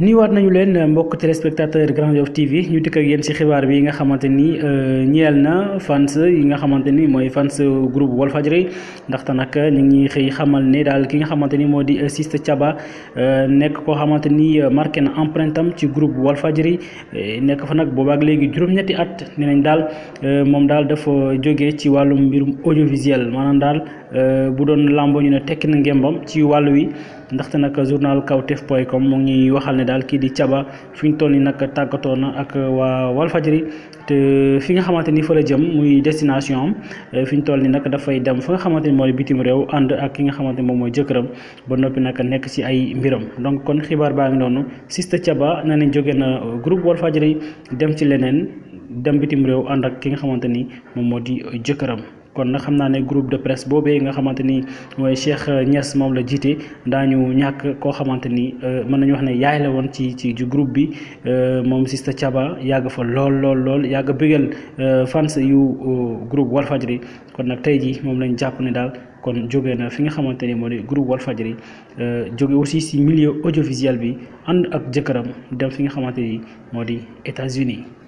niiwaat nañu leen mbokk téléspectateur Grand Yoff TV ñu dikk ak yéen ci xibaar bi nga xamante ni euh, ñeel na fans yi nga xamante ni mooy fans groupe Walfadjri ndaxte nag ñu ngi xëy xamal ne daal ki nga xamante ni moo di Ciss Thiaba euh, nekk koo xamante ni marqué na empreinte am ci groupe Walfadjri nekk fa nag ak léegi juróom-ñetti at nee nañ daal euh, moom daal dafa jóge ci wàllum mbirum audiovisuel maanaam daal bu doon làmbo ñu ne tekki na ngémbam ci wàll wi ndaxte nag journal kawtef point kom mo ngi waxal ne dal ki di tiaba fi toni nak nii na ak waa Walfadjri te fi nga xamanteni fa la jëm muy destination am eh, fi ñu toll nii nag dem fa nga xamanteni moy bitim rew and ak ki nga xamanteni mom moy jëkëram ba nopi nak nek ci ay mbiram donc kon xibar baa ngi Sista tiaba na ne na groupe Walfadjri dem ci lenen dem bitim rew and ak ki nga xamanteni mom modi jëkëram di kon nag xam naa ne groupe de presse boobee nga xamante ni mooy Cheikh Niass moom la jiite daañu ñàkk koo xamante ni euh, mën nañu wax ne yaay la woon ci ci groupe bi euh, moom si sa Thiaba yàgg fa lool lool lool yàgg bëggal euh, fans yu groupe Walfadjri kon nag tey jii moom lañ jàpp ne daal kon jóge na fi nga xamante ni moo di groupe Walfadjri jóge aussi ci milieu audiovisuel bi ànd ak jëkkëram dem fi nga xamante ni moo di États-Unis